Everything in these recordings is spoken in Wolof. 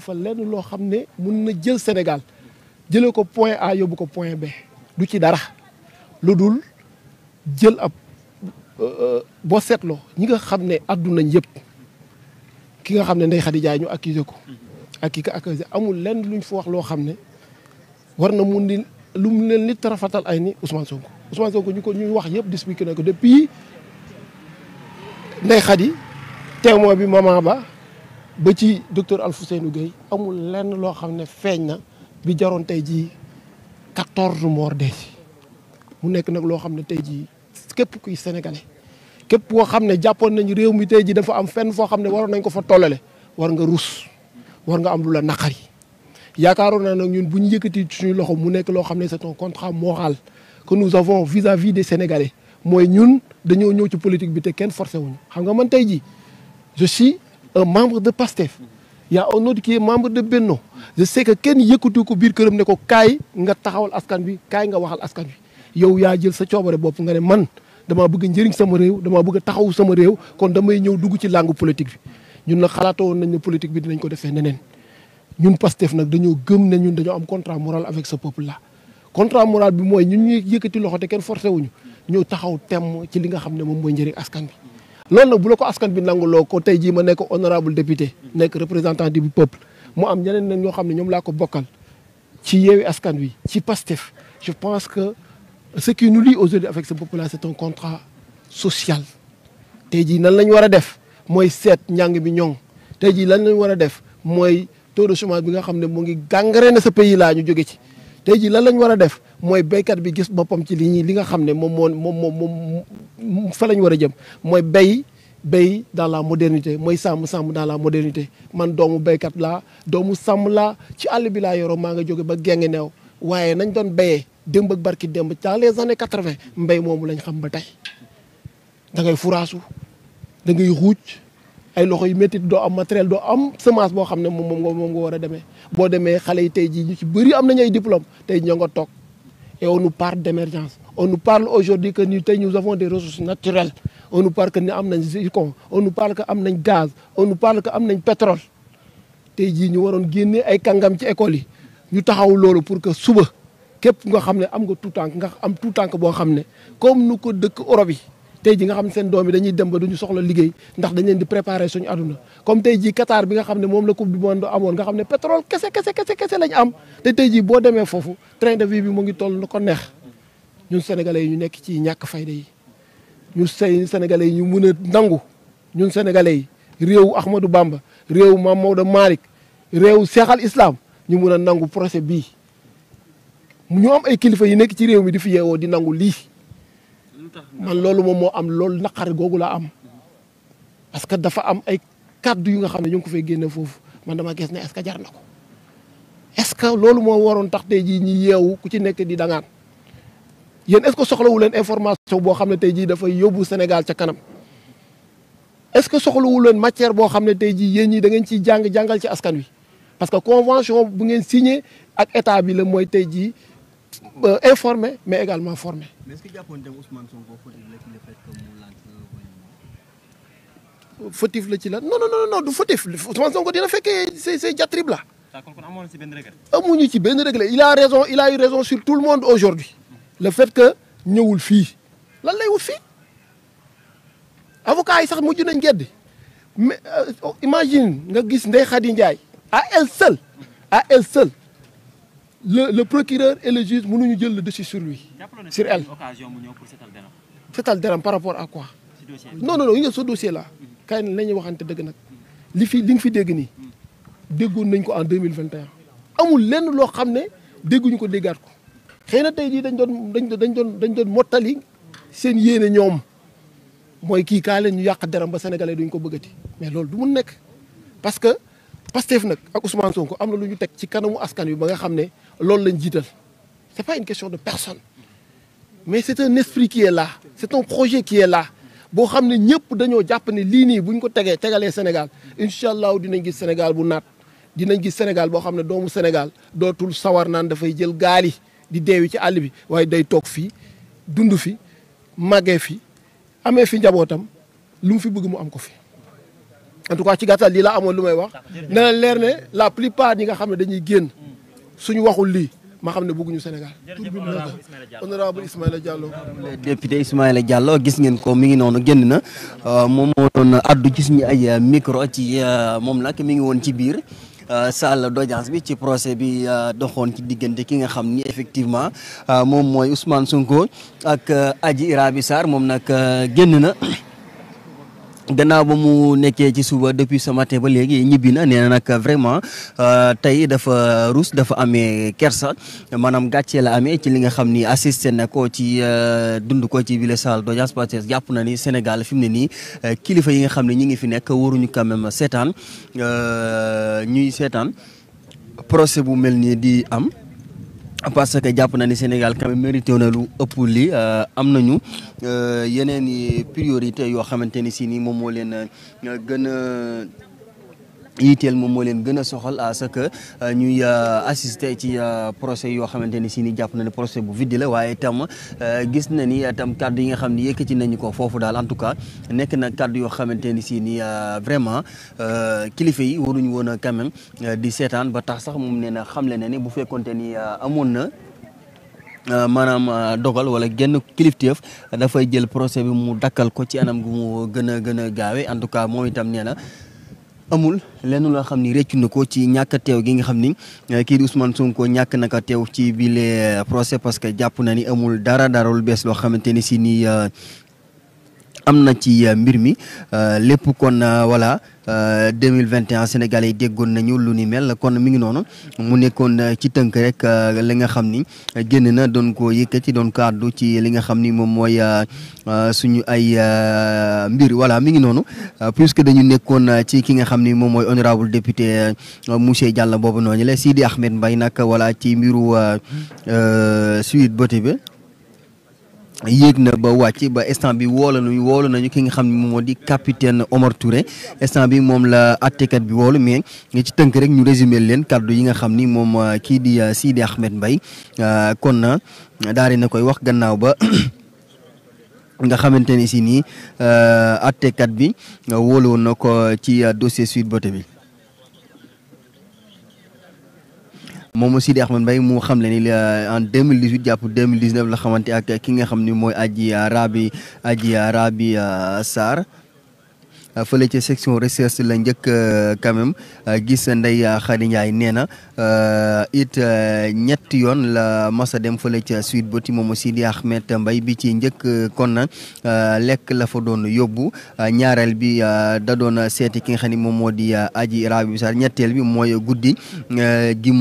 fa lenn loo xam ne mun na jël Sénégal jële ko point A yóbbu ko point B du ci dara lu dul jël ab euh, euh, boo seetloo ñi nga xam ne àdduna yëpp ki nga xam ne Ndeye Khady Ndiaye ñu accusé ko ak ki ko accusé amul lenn luñ fa wax loo xam ne war na mun di lu mu leen nit tarafatal ay ni Ousmane Sonko Ousmane Sonko ñu ko ñuy wax yëpp displiqué na ko depuis Ndeye Khady témoin bi maman ba ba ci docteur Alfousseynou Gueye amul lenn loo xam ne feeñ na bi jaroon tey jii quatorze morts dee si mu nekk nag loo xam ne tey jii képp kuy sénégalais képp koo xam ne jàppoon nañu réew mi tey jii dafa am fenn foo xam ne waroon nañ ko fa tollale war nga rus war nga am lu la naqari yaakaaroon naa nag ñun bu ñu yëkkati suñu loxo mu nekk loo xam ne c'est un contrat moral que nous avons vis-à-vis des sénégalais mooy ñun dañoo ñëw ci politique bi te kenn forcé wuñu xam nga man tey jii un membre de PASTEF y a un autre qui membre de Benno je sais que kenn yëkkatu ko biir këram ne ko kaay nga taxawal askan bi kaay nga waxal askan bi yow yaa jël sa coobare bopp nga ne man damaa bëgg njëriñ sama réew damaa bëgg taxaw sama réew kon damay ñëw dugg ci langue politique bi ñun na xalaatoo woon nañ ne politique bi dinañ ko defee neneen ñun Pastef nag dañoo gëm ne ñun dañoo am contrat moral avec ce peuple la contrat moral bi mooy ñun ñuy yëkkati loxo te kenn forcé wuñu ñëw taxaw temm ci li nga xam ne moom mooy njëriñ askan bi loolu nag bu la ko askan bi nanguloo ko tey jii ma nekk honorable député nekk représentant du peuple mu am ñeneen nag ñoo xam ne ñoom laa ko bokkal ci yeewi askan wi ci pastef je pense que ce qui nous lie aujourd'hui avec ce peuple là c'est un contrat social tey jii nan lañu ñu war a def mooy seet njàng bi ñoŋ tey jii lan lañu ñu war a def mooy taux de chômage bi nga xam ne mu ngi gangrène na sa pays là ñu jóge ci tey jii lan lañ war a def mooy baykat bi gis boppam ci li ñuy li nga xam ne moom moo moom moom fa lañ war a jëm mooy bay bay dans la modernité mooy sàmm sàmm dans la modernité man doomu béykat laa doomu sàmm laa ci àll bi laa yoroo maa nga jóge ba geng neew waaye nañ doon béyee démb ak barki démb dans les années quatre-vingt mbay moomu lañ xam ba tey da ngay furaasu da ngay xuuj ay loxo yu métti doo am matériel doo am semence boo xam ne moom moom nga moom nga a demee boo demee xale yi tey jii ñu ci bëri am nañ ay diplôme tey ñoo nga toog et on nous d'émergence on nous parle aujourd'hui que ñu tey nous avons des ressources naturelles on nous parle que ni am nañ zircon on nous parle que am nañ gaz on nous parle nañ pétrole tey jii ñu waroon génne ay kàngam ci école yi ñu taxaw loolu pour que suba képp nga xam ne am nga tout tànk nga am tout tànk boo xam ne comme nu ko dëkk Europe yi tey ji nga xam ne seen doom yi dañuy dem ba duñu soxla liggéey ndax dañ leen di préparer ñu aduna comme tey ji Qatar bi nga xam ne moom la coupe du monde amoon nga xam ne pétrole kese kese kese kese am te tey ji boo demee foofu train de vie mu ngi toll na ko neex ñun sénégalais yi ñu nekk ci ñàkk fayda yi ñu say sénégalais yi ñu mën a nangu ñun sénégalais yi réew Ahmadou bàmba réew Mame Maodo Malick réew Cheikh Al Islam ñu mën a nangu procès bii ñu am ay kilifa yi nekk ci réew mi di fi yeewoo di nangu lii man loolu moom moo am loolu naqari googu laa am parce que dafa am ay kàddu yu nga xam ne ñu ko fay génne foofu man dama gis ne est-ce que na ko est-ce que loolu moo waroon tax tey jii ñu yeewu ku ci nekk di dangaan yéen est-ce que leen information boo xam ne tey jii dafay yóbbu Sénégal ca kanam est-ce que soxlawu leen matière boo xam ne tey jii yéen ñi da ciy jàng jàngal ci askan wi parce que convention bu ngeen signé ak état bi la mooy tey jii Euh, informer mais également former. mais est-ce la ci le fait que mu lànk fautif la ci la non non non non du fautif Ousmane Sonko dina fekkee say say ci benn regret. amuñu ci benn regret il a raison il a eu raison sur tout le monde aujourd'hui le fait que ñëwul fii lan lay wut avocat yi sax mujj nañ gedd euh, imagine nga gis Ndeye Khady Ndiaye à elle seule à elle seule. le le procureur et le juge mënuñu jël le dessus sur lui. sur elle occasion mu ñëw pour setal deram. setal deram par rapport à quoi. non non non yow ce dossier là. kaay nañu waxante dëgg nag. li fi li nga fi dégg nii. déggoon nañ ko en deux mille vingt et un amul lenn loo xam ne dégguñu ko déggaat ko. xëy na tey jii dañ doon dañ dañ doon dañ doon mottali seen yéene ñoom mooy kii kaa leen ñu yàq deram ba sénégalais duñ ko bëggati mais loolu du mun nekk parce que. Pastef nag ak Ousmane ko am na lu ñu teg ci kanamu askan wi ba nga xam ne loolu lañ jiital c'est pas une question de personne mais c'est un esprit qui est là c'est un projet qui est là boo xam ne ñëpp dañoo jàpp ne lii nii bu ñu ko tegee tegalee Sénégal incha allahu dinañ gis Sénégal bu naat dinañ gis Sénégal boo xam ne doomu Sénégal dootul sawar naan dafay jël gaal yi di deewi ci àll bi waaye day toog fii dund fi màggee fi amee fi njabootam lu mu fi bëgg mu am ko fi. en tout cas ci gàttal lii laa amoon lu may wax na leer ne la plupart ñi nga xam ne dañuy génn hmm. suñu waxul lii ma xam ne bëgguñu Sénégal tur bi naka honorable Ismaïla Diallo député Ismaïla Diallo gis ngeen ko mi ngi noonu génn na euh, moom moo doon addu gis ñu ay euh, micro ci euh, moom nag mi ngi woon ci biir salle d'audience bi ci procès bi doxoon ci diggante ki nga xam ni effectivement moom mooy Ousmane Sonko ak Adji Raby Sarr moom nag génn na gannaaw ba mu nekkee ci suba depuis ce matin ba léegi ñibbi na nee na nag vraiment euh, tey dafa rus dafa amee kersa maanaam gàccee la amee ci li nga xam ni assisté na ko ci euh, dund ko ci ville salle d'audience parce jàpp na ni Sénégal fi mu ne nii euh, kilifa yi nga xam ne ñi ngi fi nekk waruñu quand même seetaan ñuy seetaan procès bu mel nii di am. parce que jàpp na ni Sénégal quand même mérité na lu ëpp li euh, am nañu euh, yeneen i priorité yoo xamante ni si nii moom moo leen euh, gën a yitteel moom moo leen gën a soxal à ce que euh, ñuy euh, assister ci euh, procès yoo xamante ni si ni jàpp na ne procès bu vide la waaye itam gis na ni itam kaddu yi nga xam ne yëkkati nañu ko foofu daal en tout cas nekk na kaddu yoo xamante ni si ni vraiment kilifa yi waruñu woon a quand di seetaan ba tax sax moom nee na xamle na ni bu fekkonte ni amoon na. maanaam dogal wala genn kilifteef dafay jël procès bi mu dakkal ko ci anam gu mu gën a gën a gaawe en tout cas moom itam nee na amul lenn loo xam ni réccu na ko ci ñàkk teew gi nga xam ni eh, kii di Ousmane Sonko ñàkk naka teew ci bile eh, procès parce que jàpp na ni amul dara dara bees loo xamante ni si nii eh, am na ci mbir mi lépp kon voilà 2021 euh, Sénégalais yi déggoon nañu lu ni mel kon mu ngi noonu mu nekkoon euh, ci tënk rek euh, li nga xam ni génn na doon ko yëkkati doon ko àddu ci li nga xam ni moom mooy suñu ay mbir voilà mi ngi noonu puisque dañu nekkoon ci ki nga xam ni moom mooy honorable député monsieur Diallo boobu noonu la Sidi Ahmed mbay nag voilà ci mbiru Sweet Beauté bi yéeg na ba wàcc ba instant bi woolu nañu woolu nañu ki nga xam ne moom moo di capitaine Omar Touré instant bi moom la attekat bi woolu mais nga ci tënk rek ñu résumé leen kàddu yi nga xam ni moom euh, kii di euh, Sidi Ahmed mbay euh, kon na daal na koy wax gannaaw ba nga xamante ni si nii attekat bi wóolu woon na ko ci dossier Sweet Beauté bi moom Sidi Ahmed mbay mu xam le ni euh, en 2018 jàpp 2019 la xamante ak ki nga xam ni mooy aji Raby Adji Raby euh, Sarr euh, fële ca section recherche la njëkk quand gis Ndey Xadi Njaay nee na it ñetti yoon la masa dem fële ca Sweet Beauty moom Sidi Ahmed mbay bi ci njëkk kon na lekk lafa doon yóbbu ñaareel bi da doon seeti ki nga xam ni moom moo di Adji Raby Sarr ñetteel bi mooy guddi gi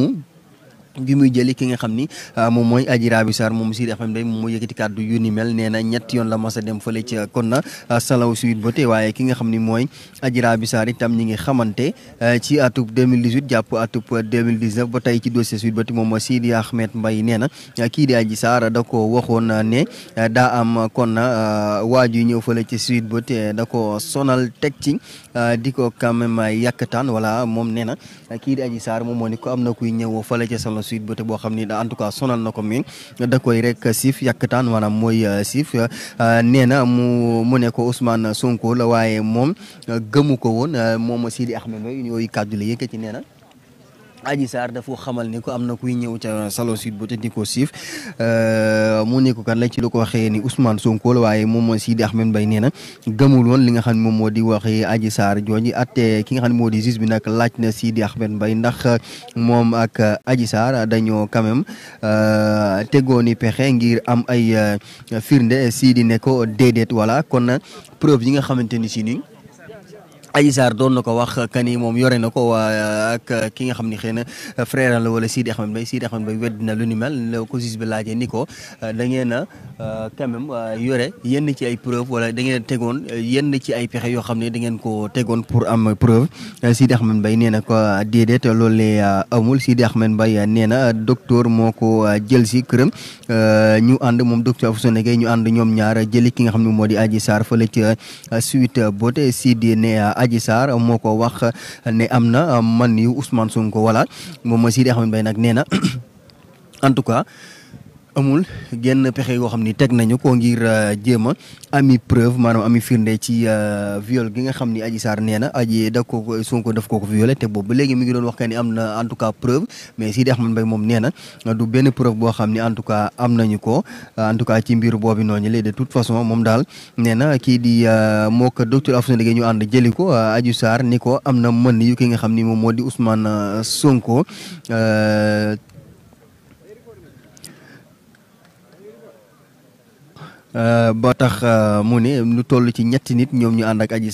bi muy jëli ki nga xam ni ah, moom mooy Adji Raby moom Sud FM day moom mooy yëkkati kàddu yu ni mel nee na ñett yoon la mas a dem fële ci kon na ah, salaw suite ba waaye ki nga xam ni mooy Adji Raby Sarr itam ñi ngi xamante ah, ci atub 2018 jàpp atub 2019 ba tey ci dossier suite ba tey moom Sidi Ahmed Mbaye nee na kii di Adji Sarr da ko waxoon ne daa am kon na waaju ñëw fële ci suite ba tey da ko sonal teg ci Euh, di ko quand même yàkkataan voilà moom nee na kii di Adji moom moo ni ko am na kuy ñëwoo fale ca Salon Sweet Beauté boo xam ni en tout cas sonal na ko mi da koy rek siif yàkkataan maanaam mooy euh, siif euh, nee na mu mu ne ko Ousmane Sonko la waaye moom gëmu ko woon moom Sidi Ahmed yooyu kàddu la yëkkati nee na Aji Sarr dafa xamal ni ko am na kuy ñëw ca salon sud ba te di ko siif mu nekk kan la ci la ko waxee ni Ousmane Sonko waaye moom mooy Sidi Ahmed Mbaye nee na gëmul woon li nga xam ne moom moo di waxee Aji Sarr jooju atte ki nga xam ne moo di juge bi nag laaj na Sidi Ahmed Mbaye ndax moom ak Aji Sarr dañoo quand même euh, teggoon ni pexe ngir am ay euh, firnde Sidi ne ko déedéet voilà kon preuve yi nga xamante ni si nii Adji Sarr doon na ko wax kani moom yore na ko waa ki nga xam ni xëy na frère la wala Sidi Ahmed Mbaye Sidi Ahmed Mbaye wedd na lu ni mel la ko juge bi laajee ni ko euh, dangeen ngeen a euh, quand même euh, yore yenn ci ay preuve wala da ngeen tegoon yenn ci ay pexe yoo xam ne da ngeen ko tegoon pour am preuve Sidi Ahmed Mbaye nee na ko déedéet loolu amul Sidi Ahmed Mbaye nee na docteur moo ko jël si këram ñu ànd moom docteur Ousmane Gueye ñu ànd ñoom ñaar jëli ki nga xam ne moo di Adji Sarr fële ca suite boote Sidi ne Adji Sarr moo ko wax ne am na man yu Ousmane Sonko voilà moom ma Sidi Ahmed Mbaye nag nee na en amul genn pexe yoo xam ni teg nañu ko ngir euh, jéem a ami preuve maanaam ami firnde ci euh, viol gi nga xam ni Adji saar nee na aji da ko Sonko daf koo ko violé te boobu ba léegi mi ngi doon wax que ni am na en tout cas preuve mais Sidi Ahmed Mbaye moom nee na du benn preuve boo xam ni en tout cas am nañu ko euh, en tout cas ci mbiru boobu noonu léegi de toute façon moom daal nee na kii di moo ko docteur Afousseyni Ndege ñu ànd jëli ko Adji Sarr ni ko am na mën yu ki nga xam ni moom moo di Ousmane Sonko. Euh, ba tax euh, mu ne lu toll ci ñetti nit ñoom ñu ànd ak Adji